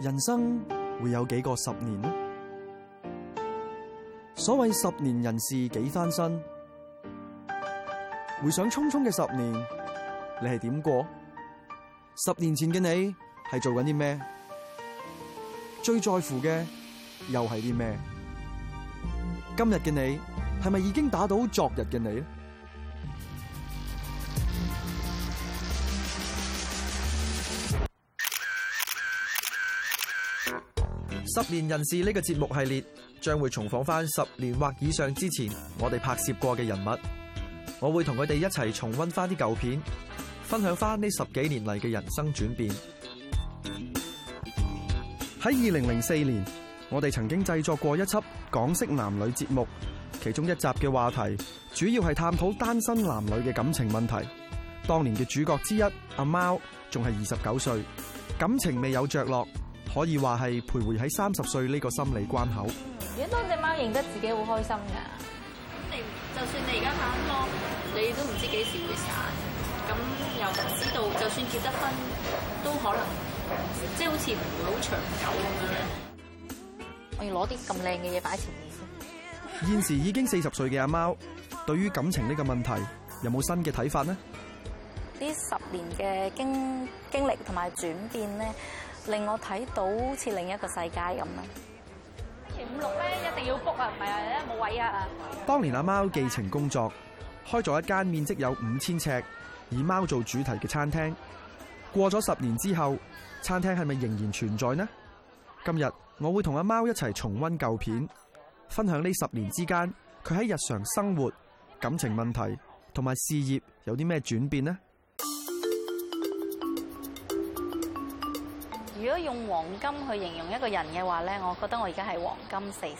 人生會有幾個十年？所謂十年人事幾翻身，回想匆匆嘅十年，你係點過？十年前嘅你係做緊啲咩？最在乎嘅又係啲咩？今日嘅你係咪已經打倒昨日嘅你？十年人事呢個節目系列將會重訪翻十年或以上之前我哋拍攝過嘅人物，我會同佢哋一齊重溫翻啲舊片，分享翻呢十幾年嚟嘅人生轉變。喺二零零四年，我哋曾經製作過一輯港式男女節目，其中一集嘅話題主要係探討單身男女嘅感情問題。當年嘅主角之一阿貓仲係二十九歲，感情未有着落。可以話係徘徊喺三十歲呢個心理關口。如果、嗯、當隻貓認得自己，好開心㗎。你就算你而家拍拖，你都唔知幾時會散。咁又唔知道，就算結得婚，都可能即係、就是、好似唔會好長久咁樣。我要攞啲咁靚嘅嘢擺前面先。現時已經四十歲嘅阿貓，對於感情呢個問題，有冇新嘅睇法呢？呢十年嘅經經歷同埋轉變呢？令我睇到好似另一個世界咁啊！星期五六咧一定要 book 呀，啊，唔係啊，冇位啊！當年阿貓寄情工作，開咗一間面積有五千尺以貓做主題嘅餐廳。過咗十年之後，餐廳係咪仍然存在呢？今日我會同阿貓一齊重溫舊片，分享呢十年之間佢喺日常生活、感情問題同埋事業有啲咩轉變呢？如果用黃金去形容一個人嘅話咧，我覺得我而家係黃金四十。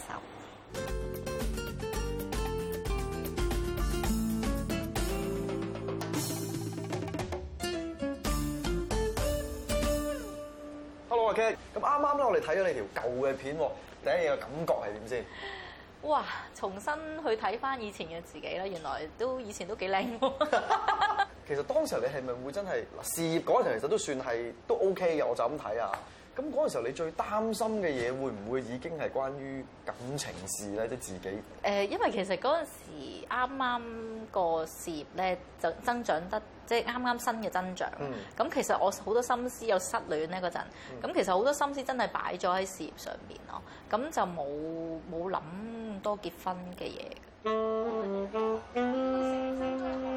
Hello，阿 K，咁啱啱咧我哋睇咗你條舊嘅片，第一嘢嘅感覺係點先？哇，重新去睇返以前嘅自己咧，原來都以前都幾靚喎。 其實當時你係咪會真係嗱事業嗰陣，其實都算係都 O K 嘅，我就咁睇啊。咁嗰陣時候你最擔心嘅嘢會唔會已經係關於感情事咧？即自己。誒，因為其實嗰陣時啱啱個事業咧就增長得即係啱啱新嘅增長。嗯。咁其實我好多心思有失戀呢個陣，咁其實好多心思真係擺咗喺事業上邊咯。咁就冇冇諗多結婚嘅嘢。嗯嗯嗯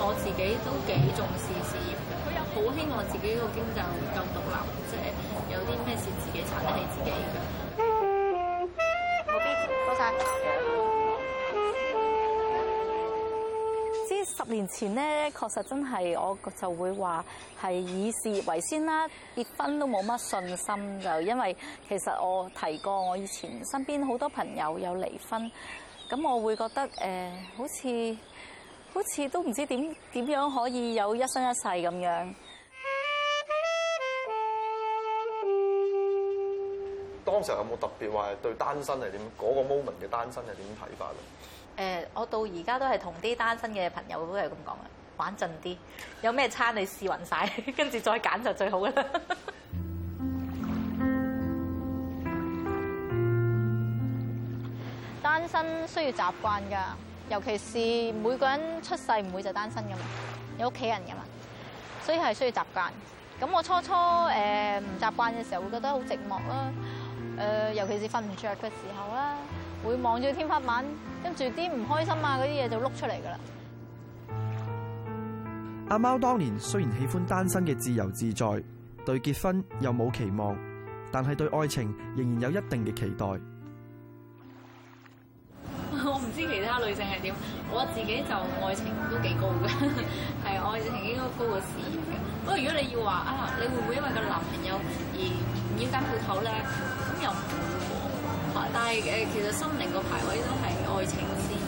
我自己都幾重視事業嘅，佢又好希望自己個經濟夠獨立，即、就、係、是、有啲咩事自己撐得起自己嘅。好啲，多謝。之、嗯嗯嗯、十年前咧，確實真係我就會話係以事業為先啦，結婚都冇乜信心，就因為其實我提過我以前身邊好多朋友有離婚，咁我會覺得誒、呃、好似。好似都唔知點點樣可以有一生一世咁樣。當時有冇特別話對單身係點？嗰個 moment 嘅單身係點睇法啊？誒，我到而家都係同啲單身嘅朋友都係咁講啦，玩盡啲，有咩餐你試勻晒，跟住再揀就最好啦。單身需要習慣㗎。尤其是每個人出世唔會就單身噶嘛，有屋企人噶嘛，所以係需要習慣。咁我初初誒唔、呃、習慣嘅時候，會覺得好寂寞啦。誒、呃，尤其是瞓唔着嘅時候啦，會望住天花板，跟住啲唔開心啊嗰啲嘢就碌出嚟噶啦。阿貓當年雖然喜歡單身嘅自由自在，對結婚又冇期望，但係對愛情仍然有一定嘅期待。知其他女性係點？我自己就愛情都幾高嘅，係愛情應該高過事業嘅。不過如果你要話啊，你會唔會因為個男朋友而唔要間鋪頭咧？咁又唔會喎。但係誒，其實心靈個排位都係愛情先。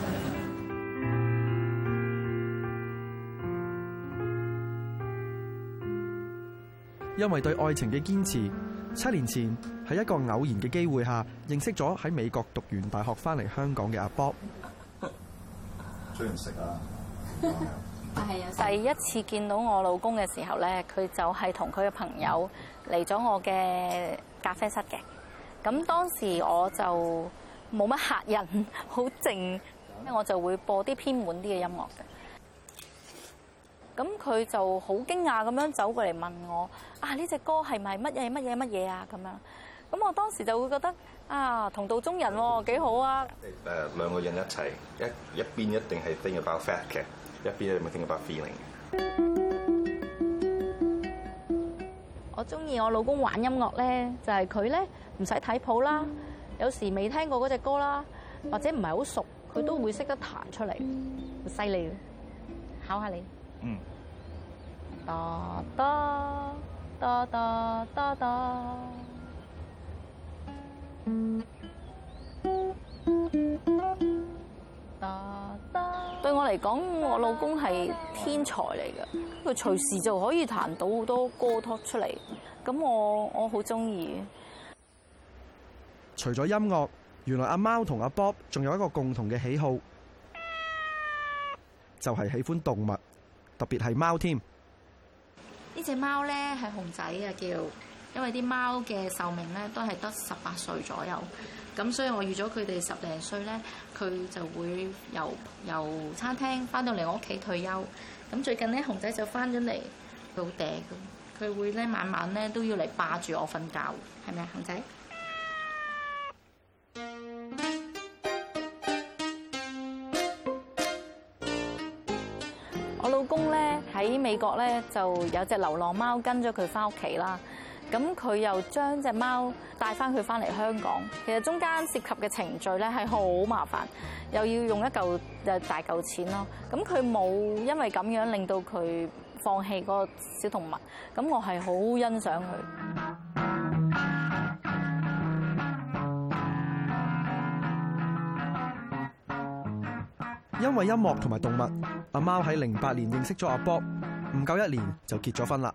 因為對愛情嘅堅持，七年前喺一個偶然嘅機會下，認識咗喺美國讀完大學翻嚟香港嘅阿 Bob。食啊！係啊！ 第一次見到我老公嘅時候咧，佢就係同佢嘅朋友嚟咗我嘅咖啡室嘅。咁當時我就冇乜客人，好靜，咁我就會播啲偏悶啲嘅音樂嘅。咁佢就好驚訝咁樣走過嚟問我：啊，呢隻歌係咪乜嘢乜嘢乜嘢啊？咁樣。咁我當時就會覺得。啊，同道中人喎，幾好啊！誒，兩個人一齊，一一邊一定係 think about fact 嘅，一邊一定係 think about feeling 嘅？我中意我老公玩音樂咧，就係佢咧唔使睇譜啦，有時未聽過嗰隻歌啦，或者唔係好熟，佢都會識得彈出嚟，犀利，考下你。嗯。噠噠噠噠噠噠。對我嚟講，我老公係天才嚟嘅，佢隨時就可以彈到好多歌曲出嚟，咁我我好中意。除咗音樂，原來阿貓同阿 Bob 仲有一個共同嘅喜好，就係喜歡動物，特別係貓添。呢隻貓咧係熊仔啊，叫。因為啲貓嘅壽命咧都係得十八歲左右，咁所以我預咗佢哋十零歲咧，佢就會由由餐廳翻到嚟我屋企退休。咁最近咧，熊仔就翻咗嚟，佢好嗲嘅，佢會咧晚晚咧都要嚟霸住我瞓覺，係咪啊，熊仔？我老公咧喺美國咧就有一隻流浪貓跟咗佢翻屋企啦。咁佢又將隻貓帶翻佢翻嚟香港，其實中間涉及嘅程序咧係好麻煩，又要用一嚿又大嚿錢咯。咁佢冇因為咁樣令到佢放棄嗰個小動物，咁我係好欣賞佢。因為音樂同埋動物，阿貓喺零八年認識咗阿波，唔夠一年就結咗婚啦。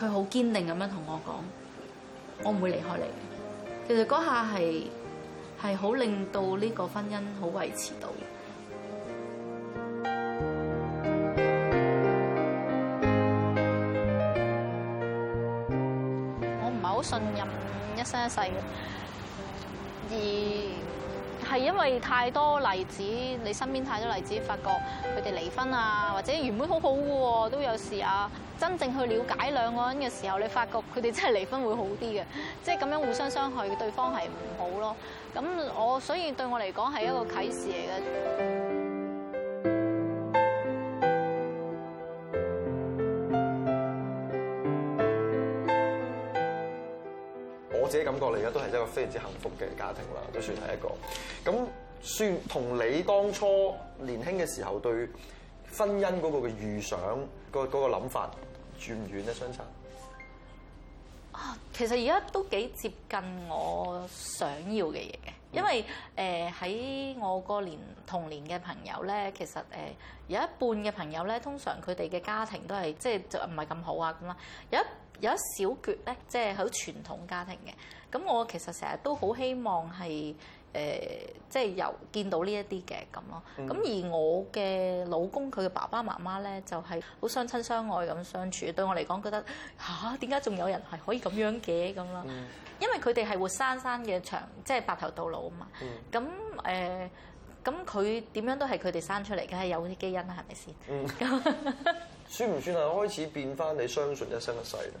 佢好堅定咁樣同我講，我唔會離開你嘅。其實嗰下係，係好令到呢個婚姻好維持到。我唔係好信任一生一世嘅，而。係因為太多例子，你身邊太多例子，發覺佢哋離婚啊，或者原本好好嘅喎，都有時啊，真正去了解兩個人嘅時候，你發覺佢哋真係離婚會好啲嘅，即係咁樣互相傷害對方係唔好咯。咁我所以對我嚟講係一個啟示嚟嘅。嘅感覺，你而家都係一個非常之幸福嘅家庭啦，都算係一個。咁算同你當初年輕嘅時候對婚姻嗰個嘅預想，嗰個嗰個諗法遠唔遠咧？相差啊。其實而家都幾接近我想要嘅嘢嘅。因為誒喺、呃、我個年同年嘅朋友咧，其實誒、呃、有一半嘅朋友咧，通常佢哋嘅家庭都係即係就唔係咁好啊咁啦。有一有一小撮咧，即係好傳統嘅家庭嘅。咁我其實成日都好希望係。誒、呃，即係又見到呢一啲嘅咁咯。咁、嗯、而我嘅老公佢嘅爸爸媽媽咧，就係、是、好相親相愛咁相處。對我嚟講，覺得嚇點解仲有人係可以咁樣嘅咁咯？嗯、因為佢哋係活生生嘅長，即係白頭到老啊嘛。咁誒、嗯，咁佢點樣都係佢哋生出嚟，梗係有啲基因啦，係咪先？咁、嗯、 算唔算係開始變翻你相信一生一世咧？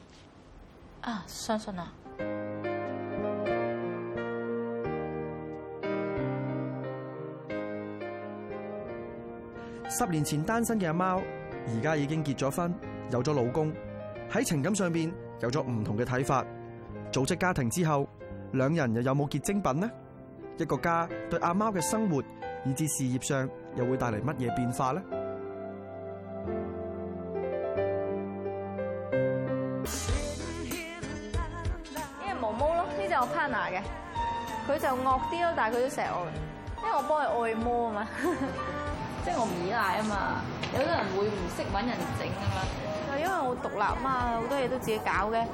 啊，相信啊！十年前單身嘅阿貓，而家已經結咗婚，有咗老公，喺情感上邊有咗唔同嘅睇法。組織家庭之後，兩人又有冇結晶品呢？一個家對阿貓嘅生活，以至事業上又會帶嚟乜嘢變化呢？呢隻毛毛咯，呢隻我 partner 嘅，佢就惡啲咯，但係佢都錫我，因為我幫佢按摩啊嘛。因為我唔依賴啊嘛，有啲人會唔識揾人整啊嘛，就因為我獨立啊嘛，好多嘢都自己搞嘅。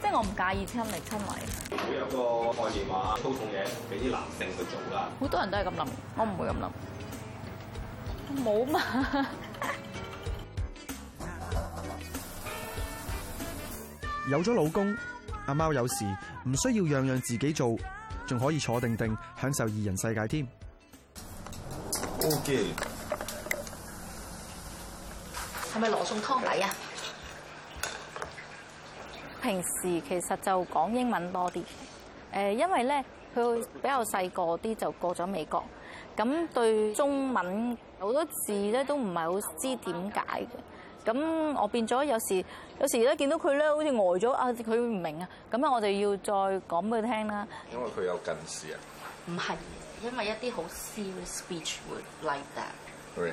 即係我唔介意親力親為。會有一個概念話粗重嘢俾啲男性去做啦。好多人都係咁諗，我唔會咁諗，冇嘛。 有咗老公，阿貓有時唔需要樣樣自己做，仲可以坐定定享受二人世界添。OK。係咪羅宋湯底啊？平時其實就講英文多啲，誒，因為咧佢會比較細個啲就過咗美國，咁對中文好多字咧都唔係好知點解嘅，咁我變咗有時有時咧見到佢咧好似呆咗啊，佢唔明啊，咁啊我哋要再講俾佢聽啦。因為佢有近視啊？唔係，因為一啲好 serious speech would like that。Okay.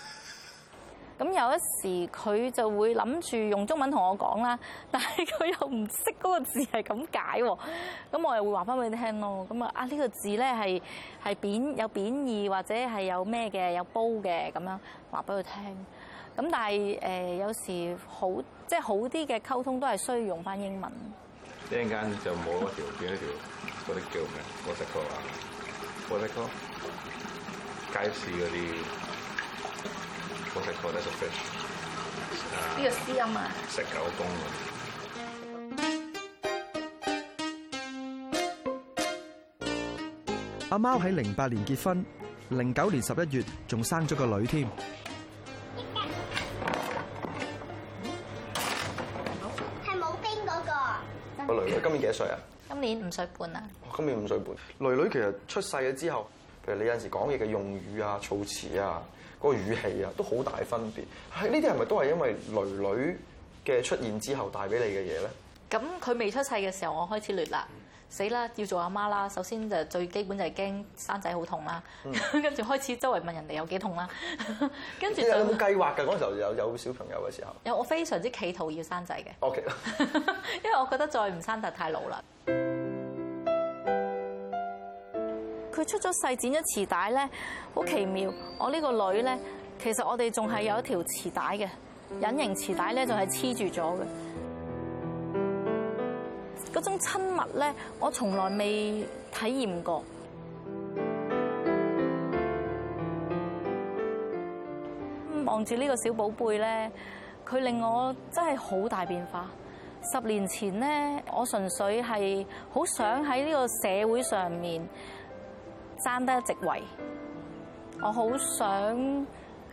咁有一時佢就會諗住用中文同我講啦，但係佢又唔識嗰個字係咁解喎，咁我又會話翻俾你聽咯。咁啊，啊呢個字咧係係貶有貶義或者係有咩嘅有褒嘅咁樣話俾佢聽。咁但係誒、呃、有時候好即係、就是、好啲嘅溝通都係需要用翻英文。一陣間就冇一條變一條，嗰啲叫咩？我食哥啊，我食哥，街市嗰啲。我食呢個私音啊！食狗公、嗯、阿貓喺零八年結婚，零九年十一月仲生咗個女添，係冇兵嗰個。個女女今年幾歲啊？今年五歲半啊。今年五歲半。女女其實出世咗之後，譬如你有時講嘢嘅用語啊、措辭啊、嗰、那個語氣啊，都好大分別。係呢啲係咪都係因為女女嘅出現之後帶俾你嘅嘢咧？咁佢未出世嘅時候，我開始攣啦，死啦，要做阿媽啦。首先就最基本就係驚生仔好痛啦，跟住、嗯、開始周圍問人哋有幾痛啦，跟住、嗯、有冇計劃㗎？嗰時候有有小朋友嘅時候。有我非常之企圖要生仔嘅。O K，< 好的 S 2> 因為我覺得再唔生就太老啦。佢出咗世，剪咗臍帶咧，好奇妙。我呢個女咧，其實我哋仲係有一條臍帶嘅隱形臍帶咧，就係黐住咗嘅嗰種親密咧，我從來未體驗過。望住呢個小寶貝咧，佢令我真係好大變化。十年前咧，我純粹係好想喺呢個社會上面，爭得一席位，我好想誒、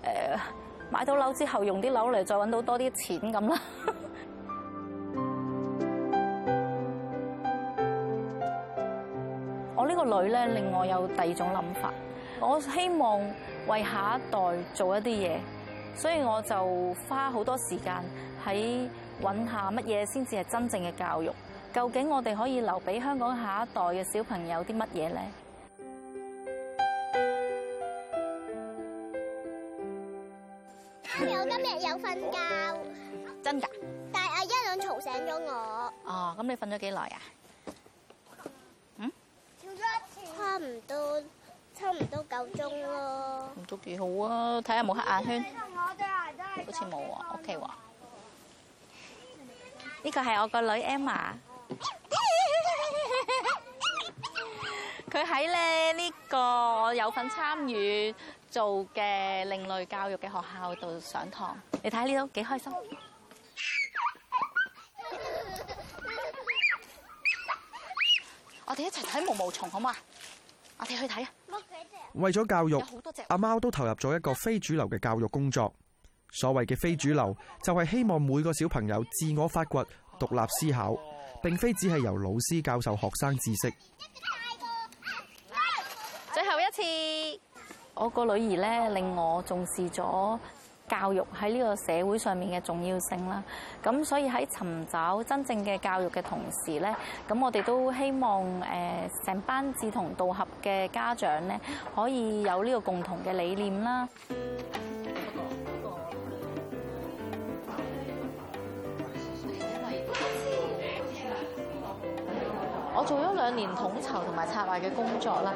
呃、買到樓之後，用啲樓嚟再揾到多啲錢咁啦。這 我呢個女咧令我有第二種諗法，我希望為下一代做一啲嘢，所以我就花好多時間喺揾下乜嘢先至係真正嘅教育。究竟我哋可以留俾香港下一代嘅小朋友啲乜嘢咧？瞓覺真噶，但係阿一兩嘈醒咗我哦。咁你瞓咗幾耐啊？嗯，差唔多差唔多夠鐘咯。咁都幾好啊，睇下冇黑眼圈。好似冇啊，OK 話呢個係我個女 Emma，佢喺呢個有份參與做嘅另類教育嘅學校度上堂。你睇，呢都幾開心， 我哋一齊睇毛毛蟲好嘛？我哋去睇啊。為咗教育，阿貓都投入咗一個非主流嘅教育工作。所謂嘅非主流，就係、是、希望每個小朋友自我發掘、獨立思考，並非只係由老師教授學生知識。最後一次，我個女兒咧令我重視咗。教育喺呢個社會上面嘅重要性啦，咁所以喺尋找真正嘅教育嘅同時呢，咁我哋都希望誒成班志同道合嘅家長呢，可以有呢個共同嘅理念啦。統籌同埋策劃嘅工作啦，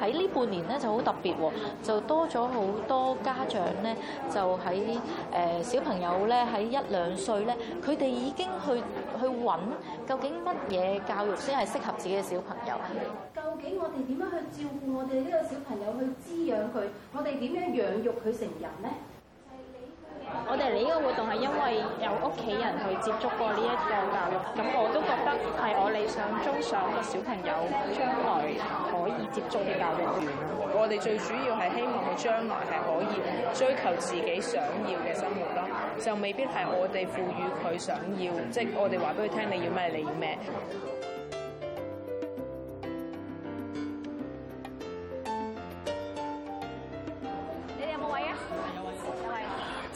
喺呢半年咧就好特別，就多咗好多家長咧，就喺誒小朋友咧喺一兩歲咧，佢哋已經去去揾究竟乜嘢教育先係適合自己嘅小朋友？究竟我哋點樣去照顧我哋呢個小朋友去滋養佢？我哋點樣養育佢成人咧？個活動係因為有屋企人去接觸過呢一個教育，咁我都覺得係我理想中想個小朋友將來可以接觸嘅教育。我哋最主要係希望佢將來係可以追求自己想要嘅生活咯，就未必係我哋賦予佢想要，即係我哋話俾佢聽，你要咩，你要咩？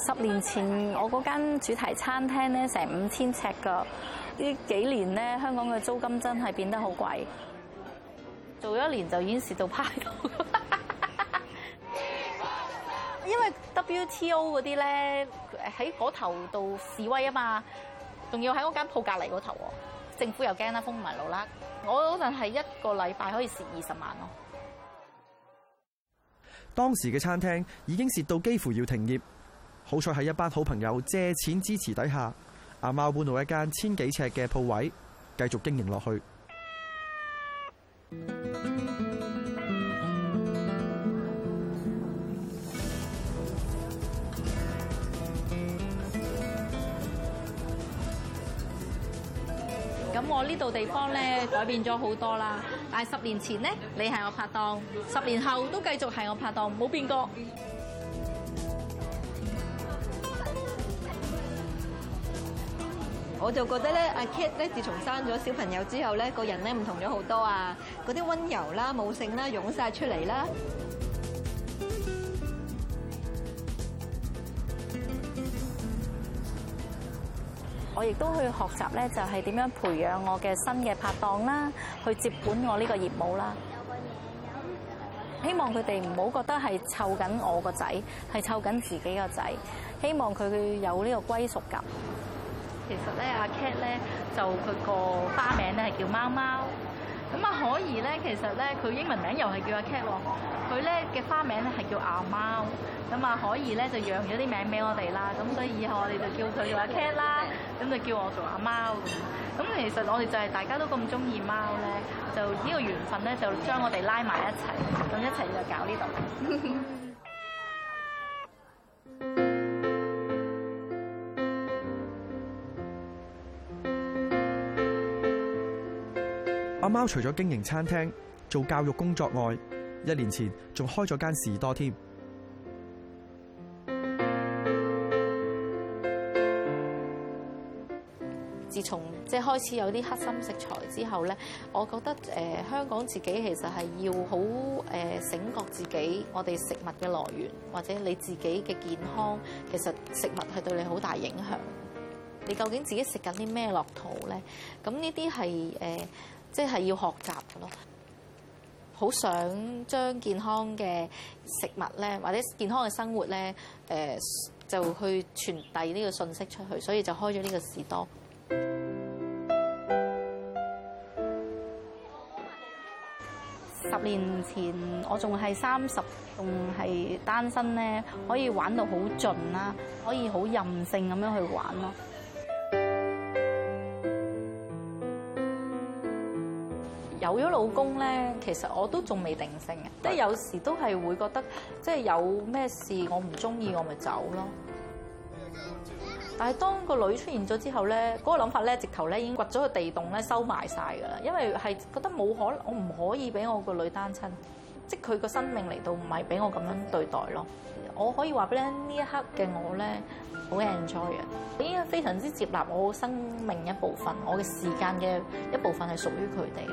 十年前我嗰間主題餐廳咧，成五千尺噶。呢幾年咧，香港嘅租金真係變得好貴。做咗一年就已經蝕到趴地，因為 WTO 嗰啲咧喺嗰頭度示威啊嘛，仲要喺我間鋪隔離嗰頭喎。政府又驚啦，封唔埋路啦。我嗰陣係一個禮拜可以蝕二十萬咯。當時嘅餐廳已經蝕到幾乎要停業。好彩喺一班好朋友借錢支持底下，阿貓搬到一間千幾尺嘅鋪位，繼續經營落去。咁我呢度地方咧改變咗好多啦，但係十年前呢，你係我拍檔，十年後都繼續係我拍檔，冇變過。我就覺得咧，阿 Kate 咧，自從生咗小朋友之後咧，個人咧唔同咗好多啊，嗰啲溫柔啦、母性啦湧晒出嚟啦。我亦都去學習咧，就係點樣培養我嘅新嘅拍檔啦，去接管我呢個業務啦。希望佢哋唔好覺得係湊緊我個仔，係湊緊自己個仔。希望佢有呢個歸屬感。其實咧，阿 Cat 咧，就佢個花名咧係叫貓貓，咁啊可怡咧其實，咧佢英文名又係叫阿 Cat 喎，佢咧嘅花名咧係叫阿貓，咁啊可怡咧就養咗啲名俾我哋啦，咁所以以後我哋就叫佢做阿 Cat 啦，咁就叫我做阿貓咁，咁其實我哋就係大家都咁中意貓咧，就呢個緣分咧就將我哋拉埋一齊，咁一齊就搞呢度。 貓除咗經營餐廳做教育工作外，一年前仲開咗間士多添。自從即係開始有啲黑心食材之後咧，我覺得誒，香港自己其實係要好誒，醒覺自己。我哋食物嘅來源或者你自己嘅健康，其實食物係對你好大影響。你究竟自己食緊啲咩落肚咧？咁呢啲係誒。呃即係要學習嘅咯，好想將健康嘅食物咧，或者健康嘅生活咧，誒就去傳遞呢個信息出去，所以就開咗呢個士多。十年前我仲係三十，仲係單身咧，可以玩到好盡啦，可以好任性咁樣去玩咯。有咗老公咧，其實我都仲未定性嘅，即係吧有時都係會覺得，即係有咩事我唔中意，我咪走咯。吧但係當個女出現咗之後咧，嗰個諗法咧，直頭咧已經掘咗個地洞咧收埋晒㗎啦。因為係覺得冇可能，我唔可以俾我個女單親，即係佢個生命嚟到唔係俾我咁樣對待咯。吧我可以話俾你聽，呢一刻嘅我咧好 enjoy 嘅，已經非常之接納我生命一部分，我嘅時間嘅一部分係屬於佢哋。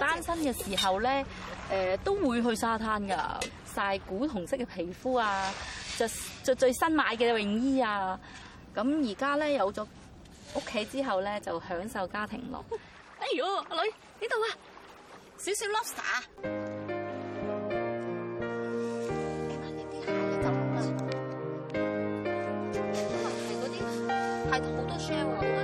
單身嘅時候咧，都會去沙灘噶曬古銅色嘅皮膚啊，着最新買嘅泳衣啊，咁而家咧有咗屋企之後咧就享受家庭樂。哎呦，阿女呢度啊，少少 lobster 啊，媽，你啲蟹啲好多 shell。